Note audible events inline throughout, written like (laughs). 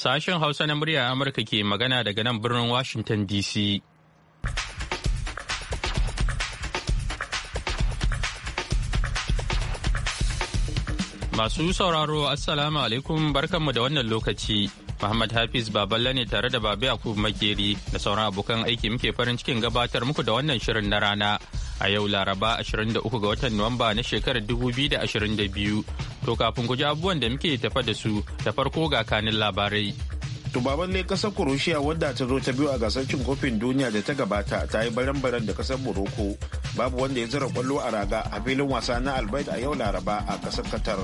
Sashen Hausa na murya Amurka ke magana daga nan birnin Washington DC. Masu sauraro Assalamu alaikum barkanmu da wannan lokaci. Muhammad Hafiz Baballe ne tare da Babi Yakubu Makeri da sauran abokan aiki muke farin cikin gabatar muku da wannan shirin na rana a yau Laraba 23 ga watan Nuwamba na shekarar 2022. To kafin ku ji abubuwan da muke tafa da su da farko ga kanin labarai. Tubaban ne kasar Kuroshiya wadda ta zo ta biyu a gasar cin kofin duniya da ta gabata ta yi baran-baran da kasar Morocco. Babu wanda ya zira kwallo a raga a filin wasa na Albert a yau Laraba a kasar Qatar.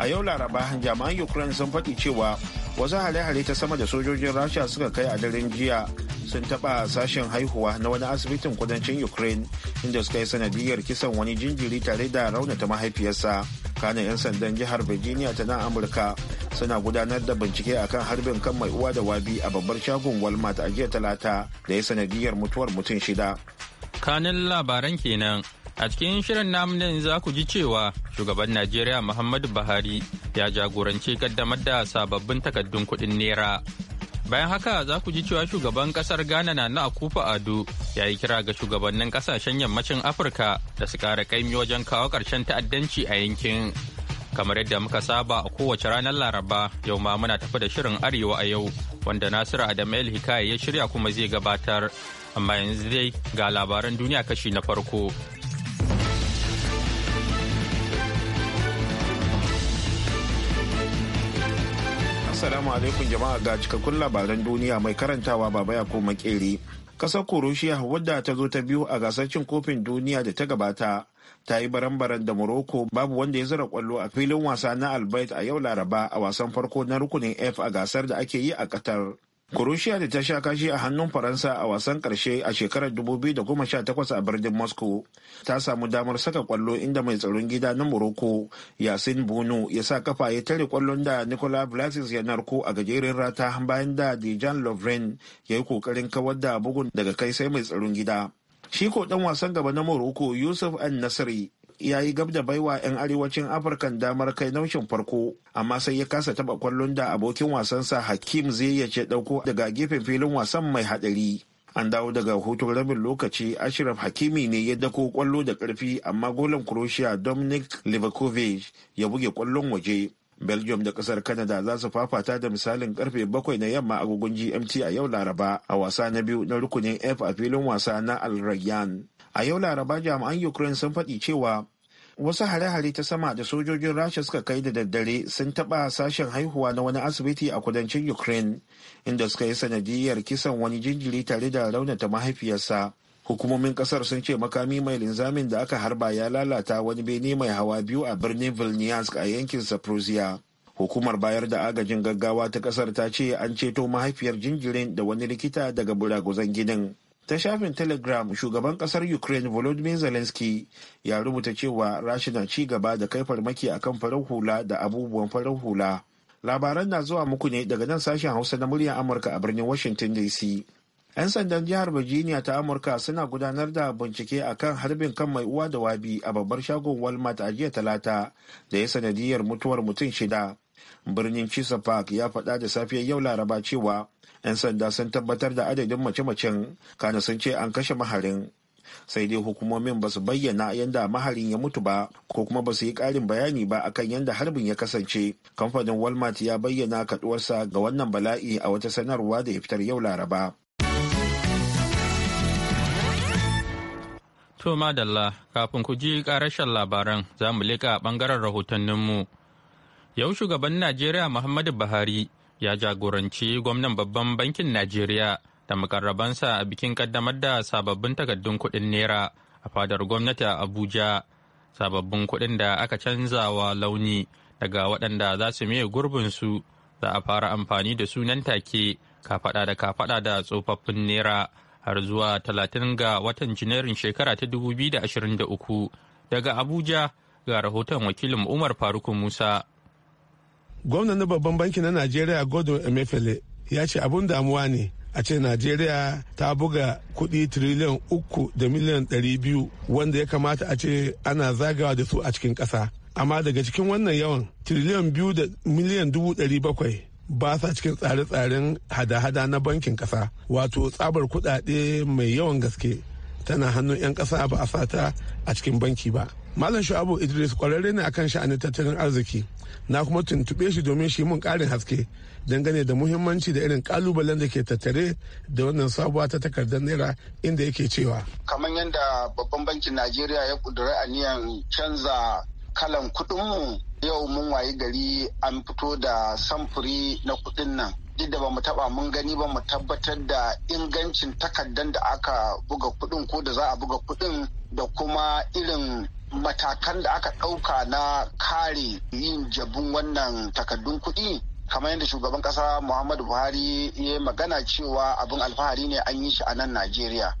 A yau Laraba jami'an Ukraine sun faɗi cewa wasu hare-hare ta sama da sojojin Rasha suka kai a daren jiya sun taɓa sashen haihuwa na wani asibitin kudancin Ukraine inda suka yi sanadiyar kisan wani jinjiri tare da raunata mahaifiyarsa. kanin 'yan sandan jihar virginia ta nan amurka suna gudanar da bincike akan harbin kan mai uwa da wabi a babbar shagon walmart a jiya talata da ya sanadiyar mutuwar mutum shida kanin labaran kenan a cikin shirin namunan za ku ji cewa shugaban najeriya muhammadu buhari ya jagoranci kaddamar da sababbin takaddun kuɗin naira Bayan haka za ku ji cewa shugaban kasar Ghana na na Akufa Ado ya yi kira ga shugabannin kasashen yammacin Afirka da su kara kaimi wajen kawo ƙarshen ta'addanci a yankin. Kamar yadda muka saba a kowace ranar Laraba yau ma muna tafi da shirin Arewa a yau wanda Nasiru Adamu Hikaya ya shirya kuma zai gabatar. Amma yanzu dai ga labaran duniya kashi na farko. Assalamu alaikum jama'a ga cikakkun labaran duniya mai karantawa baba ya ko makeri. Kasar Kurushiya wadda ta zo ta biyu a gasar cin kofin duniya da ta gabata ta yi baran-baran da Morocco babu wanda ya zira kwallo a filin wasa na Albert a yau Laraba a wasan farko na rukunin F a gasar da ake yi a Qatar. Kurushiya da ta sha kashi a hannun Faransa a wasan ƙarshe a shekarar 2018 a birnin Moscow ta samu damar saka kwallo inda mai tsaron gida na Morocco Yasin Bono ya sa kafa ya tare kwallon da Nicola Vlasic ya narko a gajeren rata bayan da Dejan Lovren ya yi kokarin kawar da bugun daga kai sai mai tsaron gida. Shi ko dan wasan gaba na Morocco Yusuf An Nasri ya yi gab da baiwa 'yan arewacin afirkan damar kai naushin farko amma sai ya kasa taba kwallon da abokin wasansa hakim zai ya ce dauko daga gefen filin wasan mai hadari an dawo daga hutun rabin lokaci ashraf hakimi ne ya dako kwallo da karfi amma golan croatia dominic livakovic ya buge kwallon waje belgium da kasar canada za su fafata da misalin karfe bakwai na yamma agogon gmt a yau laraba a wasa na biyu na rukunin f a filin wasa na al a yau laraba jami'an ukraine sun faɗi cewa wasu hare-hare ta sama da sojojin rasha suka kai da daddare sun taɓa sashen haihuwa na wani asibiti a kudancin ukraine inda suka yi sanadiyar kisan wani jinjiri tare da raunata mahaifiyarsa hukumomin kasar sun ce makami mai linzamin da aka harba ya lalata wani bene mai hawa biyu a birnin vilnius a yankin saprosia hukumar bayar da agajin gaggawa ta kasar ta ce an ceto mahaifiyar jinjirin da wani likita daga buraguzan ginin ta shafin telegram shugaban kasar ukraine volodymyr zelensky ya rubuta cewa rashi na ci gaba da kai farmaki akan farar hula da abubuwan farar hula labaran na zuwa muku ne daga nan sashen hausa na muryar amurka a birnin washington dc 'yan sandan jihar virginia ta amurka suna gudanar da bincike akan harbin kan mai uwa da wabi a babbar shagon walmart a jiya talata da ya sanadiyar mutuwar mutum shida birnin chesapeake ya faɗa da safiyar yau laraba cewa 'yan sanda sun tabbatar da adadin mace-macen kana sun ce an kashe maharin sai dai hukumomin ba su bayyana yadda maharin ya mutu ba ko kuma ba su yi karin bayani ba akan yadda harbin ya kasance kamfanin walmart ya bayyana kaduwarsa ga wannan bala'i a wata sanarwa da ya fitar yau laraba to madalla kafin ku ji karashen labaran za mu leƙa ɓangaren rahotanninmu yau shugaban najeriya muhammadu buhari ya jagoranci gwamnan babban bankin Najeriya da makarrabansa a bikin kaddamar da sababbin takardun kuɗin Naira a fadar gwamnati a Abuja. Sababbin kuɗin da aka canza wa launi daga waɗanda za su miye gurbinsu za a fara amfani da sunan take kafaɗa da kafaɗa da tsofaffin Naira har zuwa talatin ga watan Janairun shekara ta uku daga Abuja ga rahoton wakilin Umar Faruk Musa. gwamnan na babban banki na najeriya gordon emefele ya ce abun damuwa ne a ce najeriya ta buga kudi triliyan uku da miliyan ɗari biyu wanda ya kamata a ce ana zagawa da su a cikin kasa. amma daga cikin wannan yawan triliyan biyu da miliyan dubu ɗari bakwai ba sa cikin tsare-tsaren hada-hada na bankin ƙasa wato tsabar kuɗaɗe mai yawan gaske tana hannun 'yan ƙasa ba a sata a cikin banki ba malam shu'abu idris kwararre ne akan sha'anin tattalin arziki na kuma tuntuɓe shi domin shi mun karin haske dangane da muhimmanci da irin kalubalen da ke tattare da wannan sabuwa ta takardar naira inda yake cewa kamar yadda babban bankin najeriya ya kudura aniyan canza kalan kudinmu yau mun wayi gari an fito da samfuri na kudin nan duk da ba mu taba mun gani ba mu tabbatar da ingancin takardar da aka buga kudin ko da za a buga kudin da kuma irin matakan da aka ɗauka na kare yin jabun wannan takardun kuɗi kamar yadda shugaban ƙasa muhammadu buhari ya magana cewa abin alfahari ne an yi shi a nan najeriya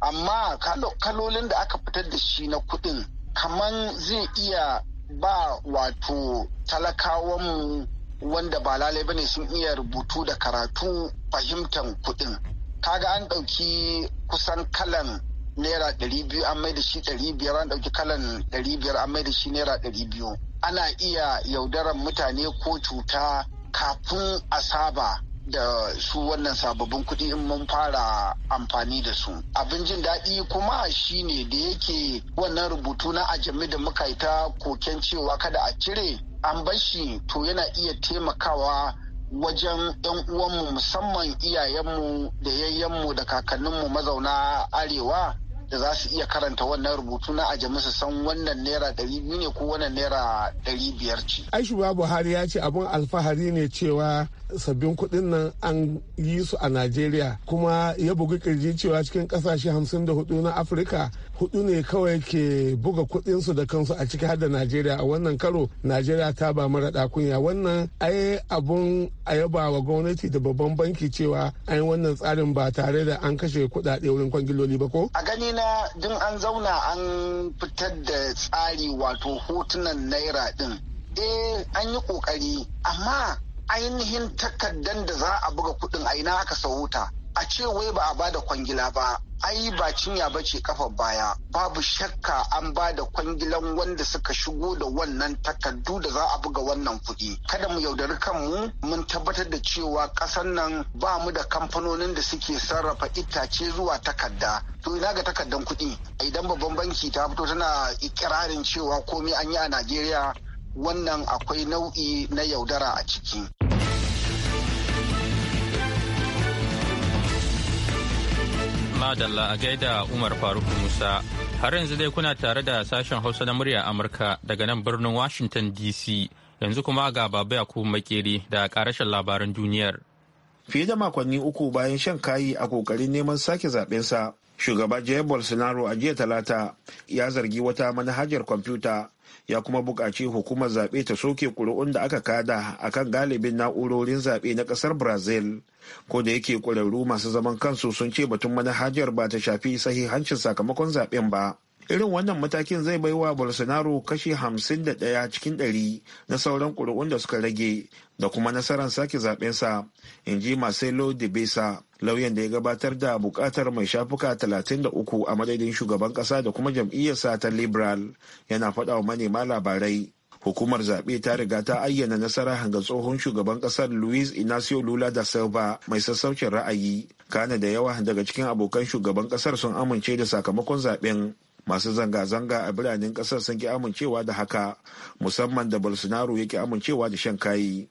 amma kalolin da aka fitar da shi na kuɗin kamar zai iya ba wato talakawanmu wanda ba lalai ne sun iya rubutu da karatu fahimtar kuɗin kaga an ɗauki kusan kalan naira ɗari biyu an mai da shi ɗari biyar an ɗauki kalan ɗari biyar an mai da shi naira ɗari biyu ana iya yaudaran mutane ko cuta kafin a saba da su wannan sababbin kuɗi in mun fara amfani da su abin jin daɗi kuma shi ne da yake wannan rubutu na ajami da muka yi ta koken cewa kada a cire an bashi to yana iya taimakawa wajen 'yan uwanmu musamman iyayenmu da yayyenmu da kakanninmu mazauna arewa da za su iya karanta wannan rubutu na aje musu san wannan naira ɗari biyu ne ko wannan naira ɗari biyar ce. Ai Buhari ya ce abin alfahari ne cewa sabbin kuɗin nan an yi su a Najeriya kuma ya bugi kirji cewa cikin ƙasashe hamsin da hudu na Afirka hudu ne kawai ke buga kudinsu da kansu a ciki har da najeriya a wannan karo najeriya ta ba mara kunya wannan ai abun a yaba wa gwamnati da babban banki cewa an yi wannan tsarin ba tare da an kashe kudade wurin kwangiloli ba ko a gani na din an zauna an fitar da tsari wato hotunan naira din eh an yi kokari amma ainihin takardar da za a buga kudin a ina aka sahuta a ce wai ba a bada kwangila ba ai ba cinya ba ce kafa baya babu shakka an ba da kwangilan wanda suka shigo da wannan takardu da za a buga wannan kuɗi kada mu yaudari kanmu mun tabbatar da cewa ƙasar nan ba mu da kamfanonin da suke sarrafa itace zuwa takarda to ina ga takardan kuɗi idan babban banki ta fito tana ikirarin cewa komai an yi a najeriya wannan akwai nau'i na yaudara a ciki. Madalla a gaida Umar Faruk Musa. Har yanzu dai kuna tare da sashen Hausa na murya Amurka daga nan birnin Washington DC. Yanzu kuma ga ya kuma Makeri da karashin labaran duniyar. Fiye da makonni uku bayan shan kayi a kokarin neman sake zaɓensa, shugaba Jair Bolsonaro a jiya talata ya zargi wata manhajar kwamfuta ya kuma buƙaci hukumar zaɓe ta soke ƙuri'un da aka kada a kan galibin na'urorin zaɓe na ƙasar brazil ko da yake ƙwararru masu zaman kansu sun ce batun manhajar ba ta shafi sahihancin sakamakon zaɓen ba irin wannan matakin zai bai wa bolsonaro kashi 51 cikin 100 na sauran kuri'un da suka rage da kuma nasarar sake zaɓensa in ji marcelo de besa lauyan da ya gabatar da bukatar mai shafuka 33 a madadin shugaban ƙasa da kuma jam'iyyarsa ta liberal yana faɗa wa manema labarai hukumar zaɓe ta riga ta ayyana nasara ga tsohon shugaban ƙasar luis inacio lula da silva mai sassaucin ra'ayi kana da yawa daga cikin abokan shugaban ƙasar sun amince da sakamakon zaɓen masu zanga-zanga a biranen kasar sun ki amincewa da haka musamman da bolsonaro yake amincewa da shan kayi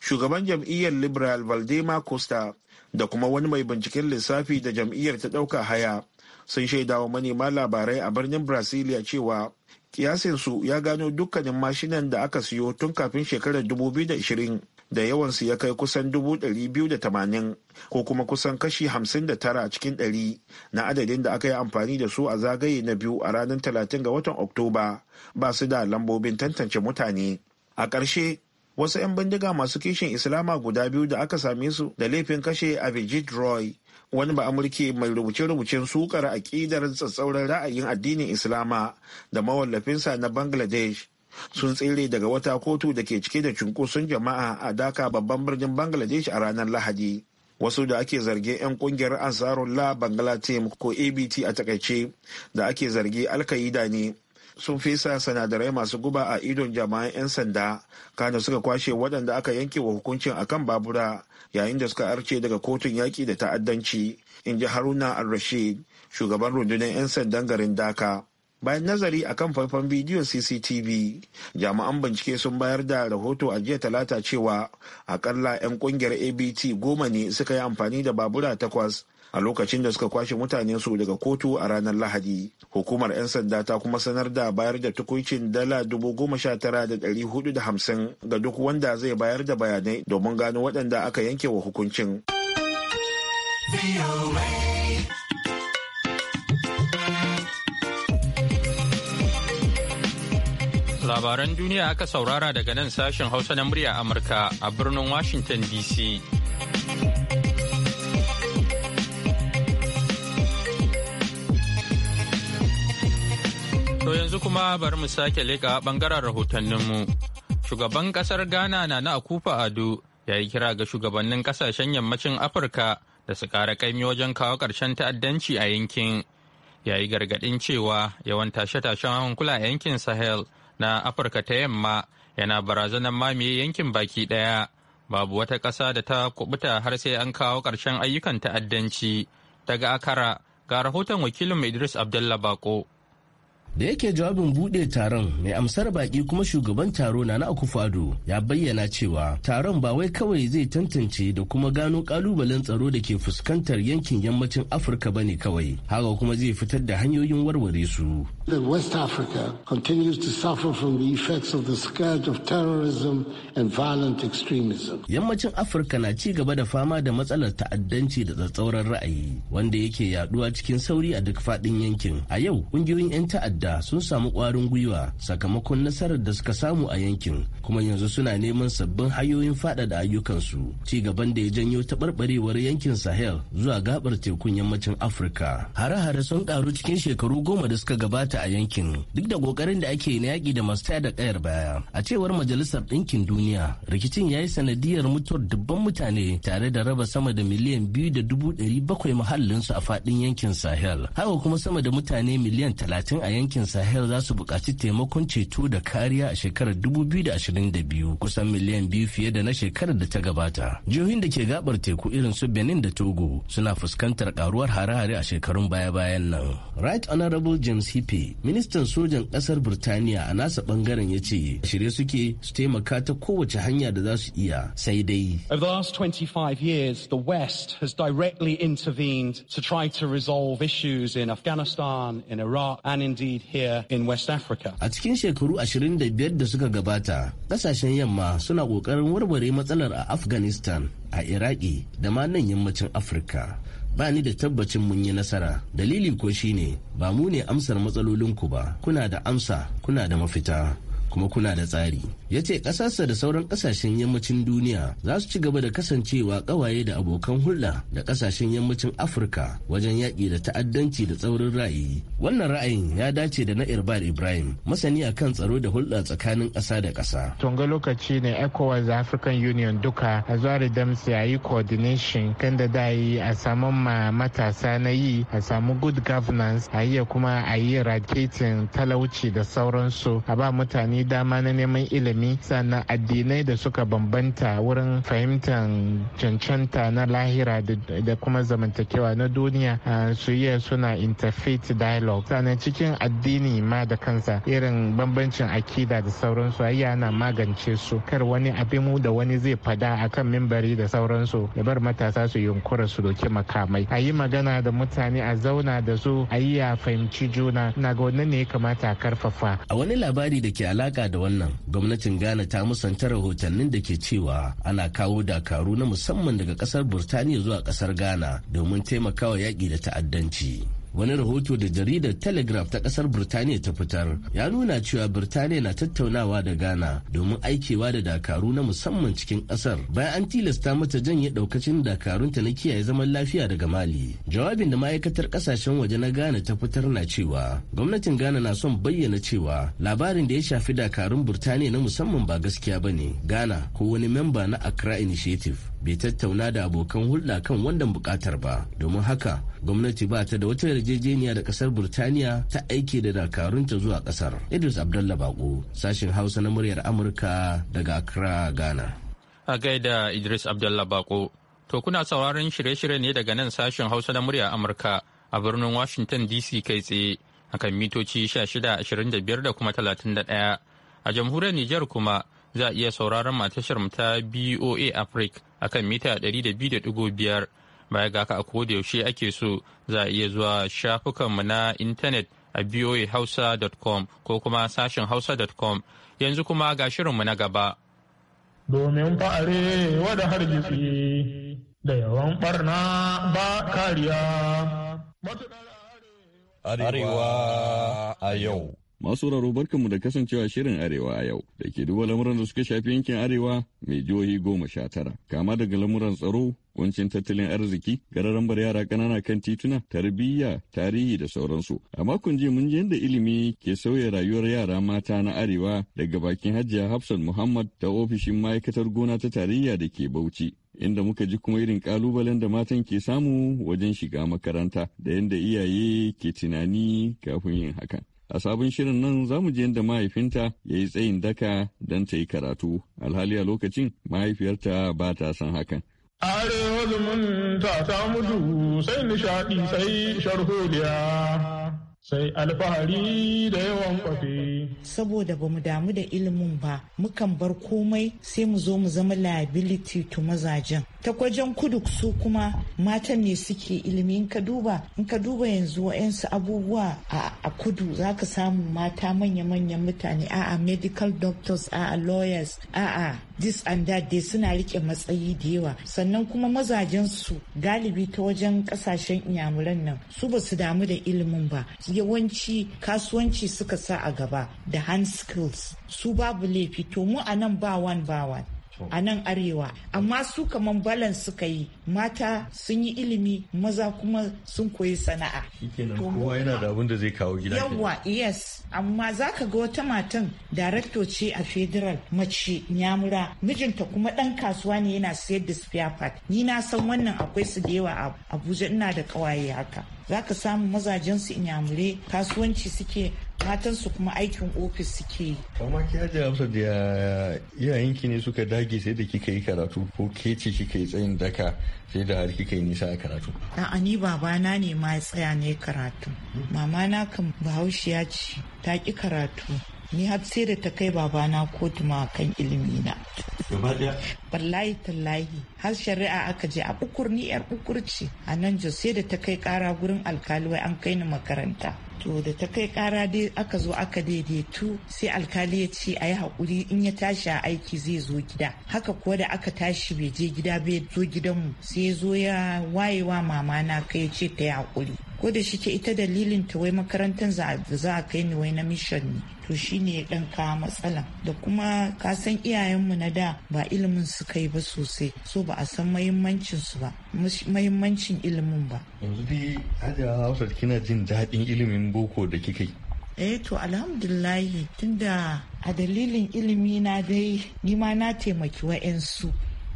shugaban jam'iyyar liberal valdemar costa da kuma wani mai binciken lissafi da jam'iyyar ta ɗauka haya sun shaidawa manema labarai a birnin brasilia cewa kiyasinsu ya gano dukkanin mashinan da aka siyo tun kafin shekarar 2020 da yawansu ya kai kusan 280 ko kuma kusan kashi 59 cikin 100 na adadin da aka yi amfani da su a zagaye na biyu a ranar 30 ga watan oktoba ba su da lambobin tantance mutane a ƙarshe wasu 'yan bindiga masu kishin islama guda biyu da aka same su da laifin kashe abijit roy wani ba amurke mai rubuce-rubucen sukar aƙidar tsatsauran ra'ayin addinin islama da mawallafinsa na bangladesh sun tsere daga wata kotu da ke cike da cunkoson jama'a a daka babban birnin bangladesh a ranar lahadi wasu da ake zarge 'yan kungiyar la bangla team ko abt a takaice da ake zarge alkaida ne sun fesa sanadarai masu guba a idon jama'an 'yan sanda kana suka kwashe waɗanda aka yanke wa hukuncin akan babura yayin da suka arce daga kotun yaƙi da ta'addanci in ji haruna al-rashid shugaban rundunar 'yan sandan garin daka bayan nazari a kan faifan bidiyon cctv jami'an bincike sun bayar da rahoto a jiya talata cewa akalla 'yan kungiyar abt goma ne suka yi amfani da babura takwas a lokacin da suka kwashe mutane su daga kotu a ranar lahadi hukumar 'yan sanda ta kuma sanar da bayar da tukuncin dala dubu goma sha tara da ɗari hudu da hamsin ga duk wanda zai bayar da bayanai domin gano waɗanda aka yanke wa hukuncin. Labaran duniya aka saurara daga nan sashen Hausa na murya Amurka a birnin Washington DC. To yanzu kuma bari mu sake leƙa ɓangaren rahotanninmu. Shugaban ƙasar Ghana na na Akufa Ado ya yi kira ga shugabannin ƙasashen yammacin Afirka da su kara ƙaimi wajen kawo ƙarshen ta'addanci a yankin. yayi yi gargaɗin cewa yawan tashe-tashen hankula a yankin Sahel na Afirka ta yamma yana barazanar mamaye yankin baki ɗaya. Babu wata ƙasa da ta kubuta har sai an kawo ƙarshen ayyukan ta'addanci. Daga Akara ga rahoton wakilin Idris Abdullah Bako. da yake jawabin bude taron mai amsar baki kuma shugaban taro na na akufado ya bayyana cewa taron ba wai kawai zai tantance da kuma gano kalubalen tsaro da ke fuskantar yankin yammacin afirka ba ne kawai haka kuma zai fitar da hanyoyin warware su west africa continues to suffer from the of the scourge of and violent extremism yammacin afirka na ci gaba da fama da matsalar ta'addanci da tsatsauran ra'ayi wanda yake yaduwa cikin sauri a duk faɗin yankin a yau ƙungiyoyin 'yan ta'adda wadda sun samu kwarin gwiwa sakamakon nasarar da suka samu a yankin kuma yanzu suna neman sabbin hanyoyin faɗaɗa ayyukansu ci gaban da ya janyo taɓarɓarewar yankin sahel zuwa gabar tekun yammacin afirka hare-hare sun ƙaru cikin shekaru goma da suka gabata a yankin duk da ƙoƙarin da ake na yaƙi da masu da ƙayar baya a cewar majalisar ɗinkin duniya rikicin ya yi sanadiyar mutuwar dubban mutane tare da raba sama da miliyan biyu da dubu ɗari bakwai muhallinsu a faɗin yankin sahel haka kuma sama da mutane miliyan talatin a yankin yankin sahel za su buƙaci taimakon ceto da kariya a shekarar 2022 kusan miliyan biyu fiye da na shekarar da ta gabata jihohin da ke gabar teku irin su benin da togo suna fuskantar karuwar hare-hare a shekarun baya-bayan nan right honorable james hippe ministan sojan ƙasar birtaniya a nasa bangaren ya ce shirye suke su taimaka ta kowace hanya da za su iya sai dai over the last 25 years the west has directly intervened to try to resolve issues in afghanistan in iraq and indeed here in West Africa. A cikin shekaru 25 da suka gabata, kasashen yamma suna kokarin warware matsalar a Afghanistan, a Iraki da ma nan yammacin Afirka. ba ni da tabbacin mun yi nasara dalili ko shine ba mu ne amsar matsalolinku ba kuna da amsa kuna da mafita kuma kuna da tsari ya ce ƙasarsa da sauran ƙasashen yammacin duniya za su ci gaba da kasancewa ƙawaye da abokan hulɗa da ƙasashen yammacin afirka wajen yaƙi da ta'addanci da tsaurin ra'ayi wannan ra'ayin ya dace da na irbar ibrahim masani a kan tsaro da hulɗa tsakanin ƙasa da ƙasa tunga lokaci ne ecowas african union duka a zuwa da yi coordination kan da da yi a samu ma matasa na yi a samu good governance a iya kuma a yi eradicating talauci da sauransu a ba mutane dama na neman ilimi sannan addinai da suka bambanta wurin fahimtar cancanta na lahira da kuma zamantakewa na duniya su iya suna interfaith dialogue sannan cikin addini ma da kansa irin bambancin akida da sauransu ana magance su kar wani abin da wani zai fada akan mimbari da sauransu da bar matasa su yunkura su doki makamai a yi magana da mutane a zauna da su a yi ya fahimci juna na ga ne ya kamata a karfafa a wani labari da ke alaƙa alaka da wannan gwamnatin ghana ta musanta rahotannin da ke cewa ana kawo dakaru na musamman daga kasar burtaniya zuwa kasar ghana domin taimakawa yaƙi da ta'addanci wani rahoto da jaridar telegraph ta kasar birtaniya ta fitar ya nuna cewa birtaniya na tattaunawa da ghana domin aikewa da dakaru na musamman cikin kasar bayan an tilasta mata janye daukacin dakarunta na kiyaye zaman lafiya daga mali jawabin da ma'aikatar kasashen waje na ghana ta fitar na cewa gwamnatin ghana na son bayyana cewa labarin da ya shafi dakarun birtaniya na musamman ba gaskiya ba ne ghana ko wani memba na accra initiative bai tattauna da abokan hulɗa kan wannan buƙatar ba domin haka gwamnati ba ta da wata yarjejeniya da ƙasar burtaniya ta aiki da dakarunta zuwa ƙasar idris abdallah bako sashen hausa na muryar amurka daga accra ghana a gaida idris abdallah bako to kuna sauraron shirye-shirye ne daga nan sashen hausa na muryar amurka a birnin washington dc kai tsaye kan mitoci shida ashirin da kuma 31 a jamhuriyar niger kuma za a iya sauraron matashar ta boa africa akan mita 200.5 baya ga haka a yaushe ake so za a iya zuwa shafukanmu na intanet a boahausa.com ko kuma sashen hausa.com yanzu kuma ga shirinmu na gaba. Domin fa'are wada hargitsi da yawan barna ba kariya. Arewa a yau. Masu raro barkanmu da kasancewa shirin Arewa a yau da ke duba lamuran da suka shafi yankin Arewa mai jihohi goma sha tara. Kama daga lamuran tsaro, kuncin tattalin arziki, gararan bar yara ƙanana kan tituna, tarbiyya, tarihi da sauransu. A makon jiya mun ji yadda ilimi ke sauya rayuwar yara mata na Arewa daga bakin Hajiya Hafsat Muhammad ta ofishin ma'aikatar gona ta tarayya da ke Bauchi. inda muka ji kuma irin kalubalen da matan ke samu wajen shiga makaranta da yadda iyaye ke tunani kafin yin hakan. A sabon shirin nan za mu je yadda mahaifinta ya yi tsayin daka don ta yi karatu, alhali a lokacin mahaifiyarta ba ta san hakan. Are zumunta ta mutu sai nishaɗi sai sharholiya. sai alfahari da yawan kwafi. Saboda ba mu damu da ilimin ba, mukan bar komai sai mu zo mu zama liability to mazajen. Ta kwajen kudu su kuma matan ne suke ilimi in ka duba, in ka duba yanzu wa'yansu abubuwa a kudu za ka samu mata manya-manyan mutane a a medical doctors a a lawyers a a this and that dai suna rike matsayi da yawa sannan kuma mazajen su galibi ta wajen kasashen inyamuran nan su ba su damu da ilimin ba yawanci kasuwanci suka sa a gaba da hand skills su babu laifi to mu a nan ba wan a nan arewa amma su kaman balan suka yi mata sun yi ilimi maza kuma sun koyi sana'a kowa yana da abin da zai kawo gida yawa yes amma za ka ga wata matan director ce a federal mace nyamura mijinta kuma dan kasuwa ne yana sayar da spare part ni na san wannan akwai su da yawa abuja ina da kawaye haka za ka samu mazajen su inyamure kasuwanci suke su kuma aikin ofis suke amma ke haji amsa da ki ne suka dage sai da kika yi karatu ko ke ce kika yi tsayin daka sai da har kika yi nisa a karatu. ani ni babana ne ma tsaya ne karatu mama na kan bahaushiya ce ta ki karatu ni har sai da ta kai babana kotu ma kan ilimi na wallahi tallahi har shari'a aka je a bukur ni yar bukur ce a nan jos sai da ta kai kara gurin alkali an kai ni makaranta to da ta kai kara dai aka zo aka daidaitu sai alkali ya ce a yi haƙuri in ya tashi a aiki zai zo gida haka kuwa da aka tashi bai je gida bai zo gidanmu sai zo ya wayewa mama na kai ce ta yi haƙuri ko da shi ke ita dalilin ta wai makarantar da za a kai ni wai na mission ne to shi ne ya dan kawo matsala da kuma ka san iyayenmu na da ba ilimin su kai ba sosai so ba a san mahimmancin su ba mahimmancin ilimin ba yanzu dai hajiya hausa kina jin daɗin ilimin boko da kika yi eh to alhamdulillahi tunda a dalilin ilimi na dai ni ma na taimaki wa'yansu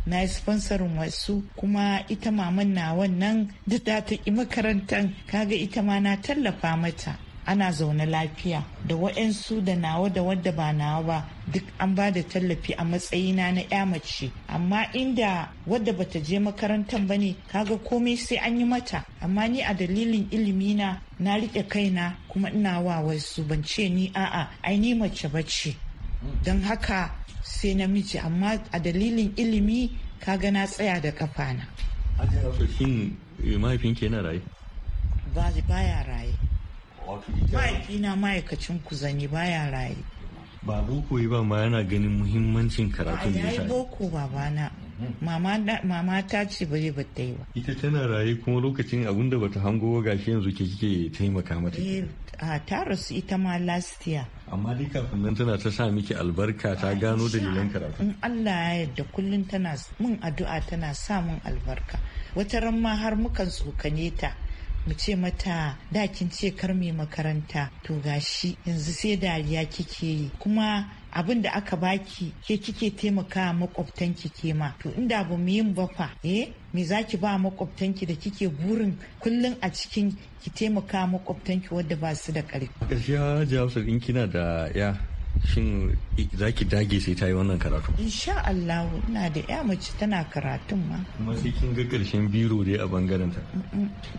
na yi sponsorin wasu kuma ita maman na wannan da ta ki makarantar kaga ita ma na tallafa mata ana zaune lafiya da waɗansu da nawa da wadda ba nawa ba duk an ba da tallafi a matsayina na ya mace amma inda wadda bata je makarantar ba ne kaga komai sai an yi mata amma ni a dalilin ilimina na riƙe kaina kuma ina wa wasu ban ce ni a'a ai ni mace bace don haka sai namiji amma a dalilin ilimi kaga na tsaya da kafana. Shin mahaifinki yana raye? Baya raye. Mahaifina ma'aikacin kuzani baya raye. Ba boko yi ba ma yana ganin muhimmancin karatun nisa. Ya yi boko babana. mama ta ce bare ba ta yi ba ita tana raye kuma lokacin abin da bata hango ga shi yanzu ke kike taimaka mata eh, a ta rasu ita ma last year amma dai kafin nan tana ta sa miki albarka ta gano dalilan karatu in Allah ya yarda kullum tana mun addu'a tana sa mun albarka wata ran ma har mukan tsokane ta mu ce mata dakin ce kar mai makaranta to gashi yanzu sai dariya kike yi kuma abin da aka baki ke kike taimaka makwabtanki ke ma to inda ba mu yin bafa. eh me ki ba makwabtanki da kike burin kullum a cikin ki taimaka makwabtanki wadda ba su da ƙarfi gaskiya jawabsa in kina da ya shin za ki dage sai ta yi wannan karatu insha Allah ina da ya mace tana karatun ma kuma sai kin ga karshen biro dai a bangaren ta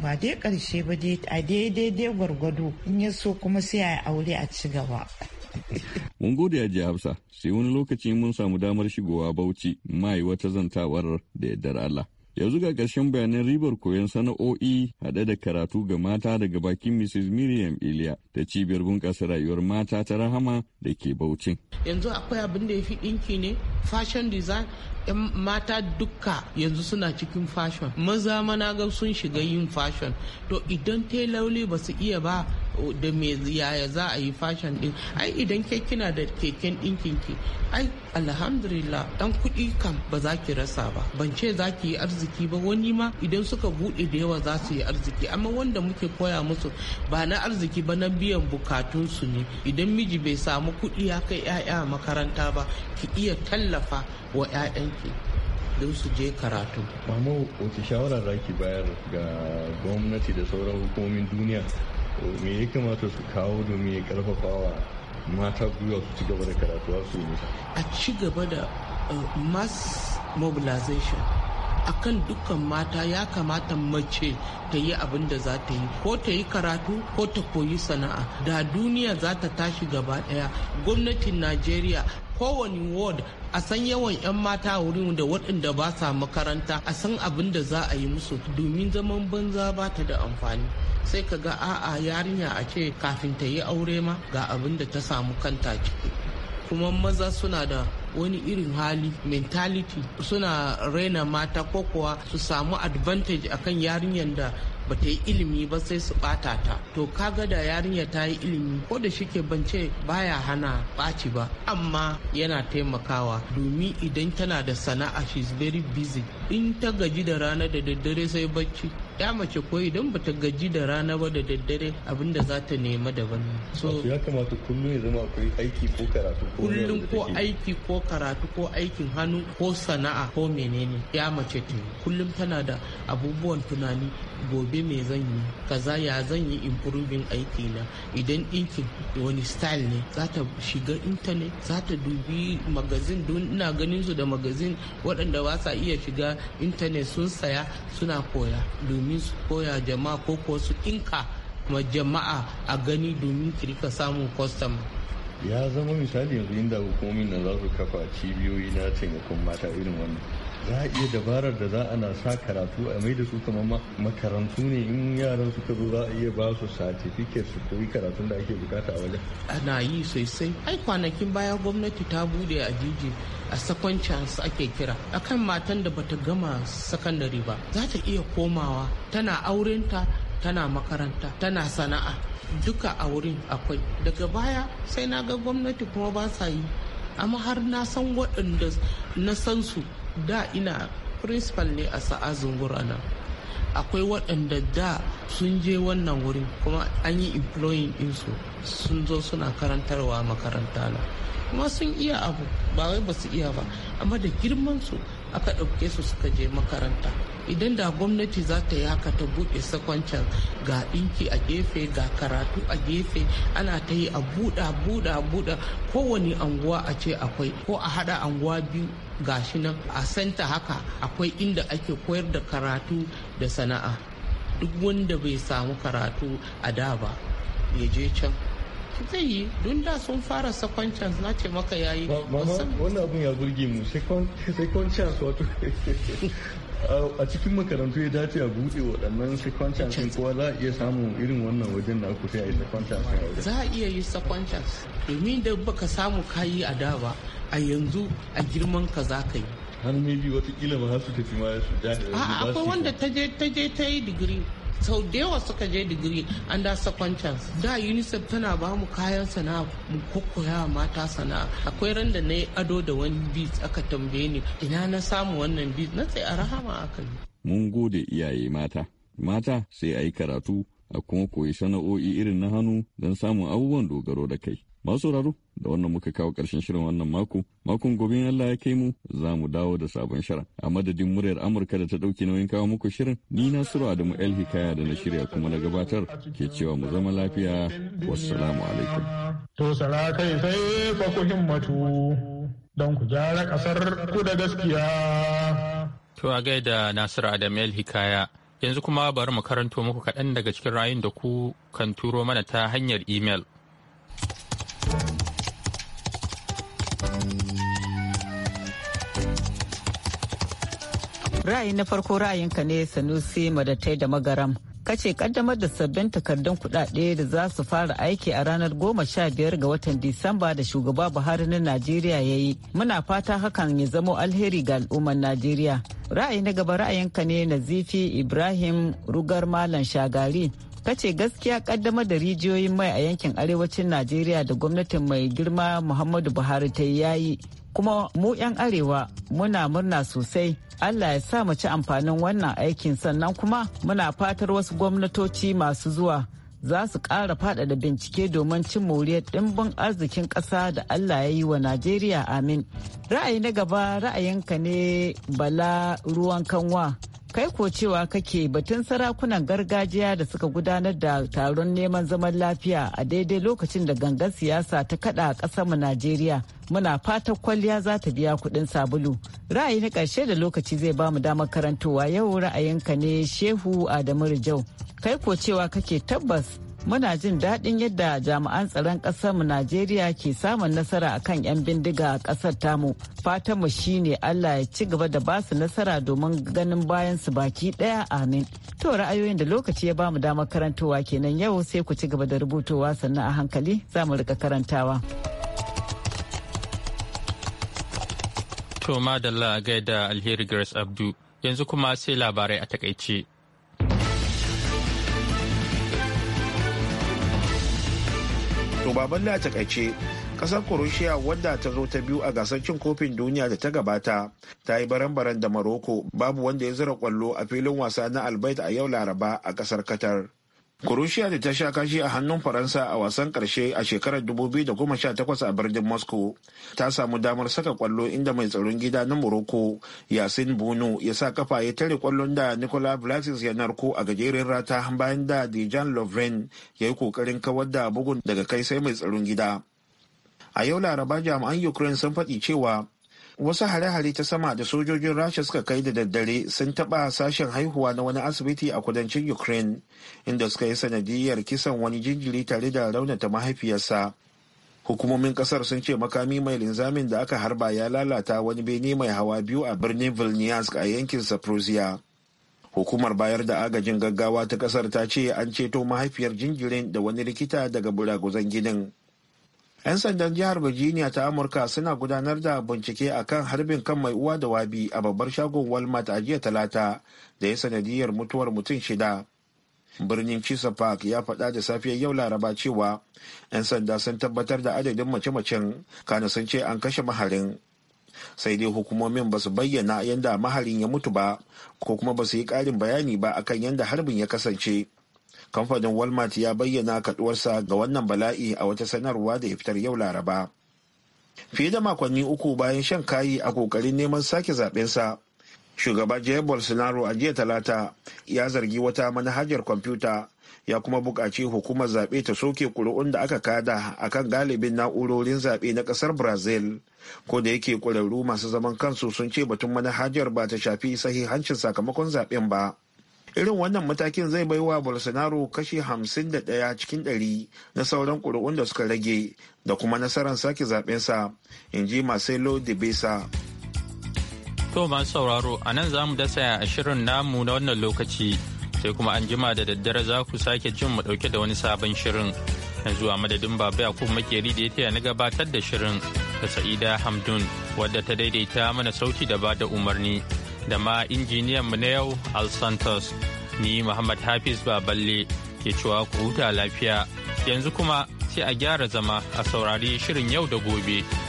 ba dai karshe ba dai a daidai gwargwado in ya so kuma sai a aure a ci gaba Mun gode ji Hafsa, sai wani lokaci mun samu damar shigowa Bauchi mai wata zantawar da yardar Allah. Yanzu ga ƙarshen bayanan ribar koyon sana'o'i haɗe da karatu ga mata daga bakin Mrs. Miriam Iliya da cibiyar bunƙasa rayuwar mata ta rahama da ke baucin. Yanzu akwai abin da ya fi ɗinki ne, fashion design, 'yan mata dukka yanzu suna cikin fashion. Maza mana ga sun shiga yin fashion. To idan ta lauli ba su iya ba da me yaya za a yi fashion din ai idan ke kina da keken dinkin ki ai alhamdulillah dan kuɗi kam ba za ki rasa ba ban ce za ki yi arziki ba wani ma idan suka buɗe da yawa za su yi arziki amma wanda muke koya musu ba na arziki ba na biyan bukatun su ne idan miji bai samu kuɗi ya kai 'ya'ya makaranta ba ki iya tallafa wa ki don su je karatu. Mamu, wace shawarar raki bayar ga gwamnati da sauran hukumomin duniya me ya kamata su kawo domin ya karfafa wa mata gwiwa su ci gaba da karatu su nisa a ci gaba da uh, mass mobilization akan dukkan mata ya kamata mace ta yi abin da za ta yi ko ta yi karatu ko ta koyi sana'a da duniya za ta tashi gaba daya gwamnatin najeriya kowane ward a san yawan 'yan mata a wurin da waɗanda ba sa makaranta a san abin da za a yi musu domin zaman banza ba ta da amfani sai ka ga a'a yarinya a ce kafin ta yi aure ma ga abin da ta samu kanta ciki kuma maza suna da wani irin hali mentality suna raina mata ko kuwa su samu advantage akan yarinyar da ba ta yi ilimi ba sai su bata ta to kaga da yarinya ta yi ilimi ko da shike bance baya hana ɓaci ba amma yana taimakawa domin idan tana da sana'a she's very busy in ta gaji da rana da daddare sai bacci ya mace ko idan bata gaji da rana ba da daddare abin da za ta nema daban so ya kamata kullum ya zama akwai aiki ko karatu ko kullum ko aiki ko karatu ko aikin hannu ko sana'a ko menene ya mace ta kullum tana da abubuwan tunani gobe me zan yi kaza ya zan yi improving aiki na idan inki wani style ne za ta shiga intanet za ta dubi magazin don ina ganin su da magazin waɗanda ba sa iya shiga intanet sun saya suna koya domin su koya jama'a ko ko su inka ma jama'a a gani domin kirka samun kwastama ya zama misali yanzu inda hukumomin na za su kafa cibiyoyi na taimakon mata irin wannan za a iya dabarar da za ana sa karatu a mai da su kamar makarantu ne in yaran suka zo za a iya ba su satifiket su koyi karatun da ake bukata a wajen ana yi sosai ai kwanakin baya gwamnati ta bude a jiji a second chance ake kira akan matan da bata gama sakandare ba za ta iya komawa tana aurenta tana makaranta tana sana'a duka a wurin akwai daga baya sai na ga gwamnati kuma ba sa yi amma har na san waɗanda na san su da ina principal ne a sa'azin gurana akwai waɗanda da sun je wannan wurin kuma an yi employing ɗinsu sun zo suna karantarwa makaranta na kuma sun iya abu ba wai ba su iya ba amma da girman su aka ɗauke su suka je makaranta idan da gwamnati za ta yi haka ta buɗe sakwancin ga ɗinki a gefe ga karatu a gefe ana ta yi a buɗa buɗa buɗa kowane anguwa a ce akwai ko a haɗa anguwa biyu gashi nan a santa haka akwai inda ake koyar da karatu da sana'a duk wanda bai samu karatu a da ba ya je can zai yi don da sun fara second na ce maka yayi wannan abin ya burge mu second wato (laughs) a cikin makarantu ya dace a buɗe waɗannan second chance kowa za a iya samun irin wannan wajen na kusa yi second za a iya yi second domin da baka samu kayi a da ba a yanzu a girman ka za ka yi har maybe watakila ba su tafi ma su da akwai wanda ta je ta yi digiri sau da yawa suka je digiri an da second chance da unicef tana ba mu kayan sana'a mu kokoya mata sana'a akwai ran da na yi ado da wani bit aka tambaye ni ina na samu wannan bit na tsaye a rahama aka yi mun gode iyaye mata mata sai a yi karatu a kuma koyi sana'o'i irin na hannu don samun abubuwan dogaro da kai masu raro da wannan muka kawo ƙarshen shirin wannan mako makon gobe Allah ya kai mu za mu dawo da sabon shirin a madadin muryar Amurka da ta ɗauki nauyin kawo muku shirin ni na suru Adamu El Hikaya da na shirya kuma na gabatar ke cewa mu zama lafiya wassalamu alaikum to sara sai fa ku himmatu don ku gyara ƙasar ku da gaskiya to a gaida Nasiru Adamu El Hikaya yanzu kuma bari mu karanto muku kaɗan daga cikin rayun da ku kan turo mana ta hanyar imel. ra'ayi na farko ra'ayinka ne sanusi madatai da magaram kace kaddamar da sabbin takardun kudade da za su fara aiki a ranar goma sha biyar ga watan disamba da shugaba buhari na najeriya ya yi muna fata hakan ya zamo alheri ga al'ummar najeriya ra'ayi na gaba ra'ayinka ne nazifi ibrahim rugar malam shagari kace gaskiya kaddamar da rijiyoyin mai a yankin arewacin najeriya da gwamnatin mai girma muhammadu buhari ta yayi kuma mu 'yan arewa muna murna sosai Allah ya sa mu ci amfanin wannan aikin sannan kuma muna fatar wasu gwamnatoci masu zuwa za su ƙara faɗaɗa bincike domin cin moriyar ɗimbin arzikin ƙasa da Allah ya yi wa Najeriya amin. Ra'ayi na gaba ra'ayinka ne bala ruwan kanwa kai ko cewa kake batun sarakunan gargajiya da suka gudanar da taron neman zaman lafiya a daidai lokacin da gangan siyasa ta kada a mu najeriya muna fata kwalliya za ta biya kuɗin sabulu ra'ayi na ƙarshe da lokaci zai ba mu damar karantowa yau ra'ayinka ne shehu adamu rijau kai ko cewa kake tabbas muna jin daɗin yadda jami'an tsaron ƙasarmu Najeriya ke samun nasara a kan 'yan bindiga a ƙasar tamu. Fatanmu ne Allah ya ci gaba da basu nasara domin ganin bayan su baki ɗaya amin. To ra'ayoyin da lokaci ya bamu damar karantowa kenan yau sai ku ci gaba da rubutowa sannan a hankali za mu rika karantawa. To madalla gaida Alheri Grace Abdu yanzu kuma sai labarai a takaice. To baban da takaice kasar Croatia wadda ta zo ta biyu a gasar cin kofin duniya da ta gabata ta yi baran-baran da Morocco babu wanda ya zira kwallo a filin wasa na Albait a yau Laraba a kasar Qatar. Kurushiya da ta sha kashi a hannun Faransa a wasan karshe a shekarar 2018 a birnin Moscow ta samu damar saka kwallo inda mai tsaron gida na Morocco Yasin Bono ya sa kafa ya tare kwallon da Nicola Vlasic ya narko a gajeren rata bayan da Dejan Lovren ya yi kokarin kawar da bugun daga kai sai mai tsaron gida. A yau Laraba jami'an Ukraine sun faɗi cewa wasu hare-hare ta sama da sojojin rasha suka kai da daddare sun taɓa sashen haihuwa na wani asibiti a kudancin ukraine inda suka yi sanadiyar kisan wani jinjiri tare da raunata mahaifiyarsa hukumomin kasar sun ce makami mai linzamin da aka harba ya lalata wani bene mai hawa biyu a birnin vilnius a yankin saprosia hukumar bayar da agajin gaggawa ta kasar ta ce an ceto mahaifiyar jinjirin da wani likita daga buraguzan ginin. 'Yan sandan jihar Virginia ta Amurka suna gudanar da bincike a kan harbin kan mai uwa da wabi a babbar shagon Walmart a jiya talata da ya sanadiyar mutuwar mutum shida. Birnin Park ya faɗa da safiyar yau laraba cewa 'yan sanda sun tabbatar da adadin mace-macen kana sun ce an kashe maharin. sai dai hukumomin ba su bayyana yadda maharin ya mutu ba ko kuma ba su yi ƙarin bayani ba akan yadda harbin ya kasance kamfanin walmart ya bayyana kaduwarsa ga wannan bala'i a wata sanarwa da ya fitar yau laraba fiye da makonni uku bayan shan kayi a kokarin neman sake sa shugaba jair bolsonaro a jiya talata ya zargi wata manhajar kwamfuta ya kuma buƙaci hukumar zaɓe ta soke ƙuri'un da aka kada a kan galibin na'urorin zaɓe na ƙasar brazil ko da yake ƙwararru masu zaman kansu sun ce batun manhajar ba ta shafi sahihancin sakamakon zaɓen ba irin wannan matakin zai baiwa bolsonaro kashi 51 cikin 100 na sauran ƙuri'un da suka rage da kuma nasarar sake zaɓensa in ji marcelo de besa to masu sauraro a nan za mu dasa a shirin namu na wannan lokaci sai kuma an jima da daddare za ku sake jin mu ɗauke da wani sabon shirin yanzu a madadin baba kuma makeri da ya taya na gabatar da shirin da sa'ida hamdun wadda ta daidaita mana sauti da ba da umarni da ma injiniyanmu na yau Al Santos. Ni Muhammad Hafiz Baballe ke cewa ku huta lafiya. Yanzu kuma sai a gyara zama a saurari shirin yau da gobe.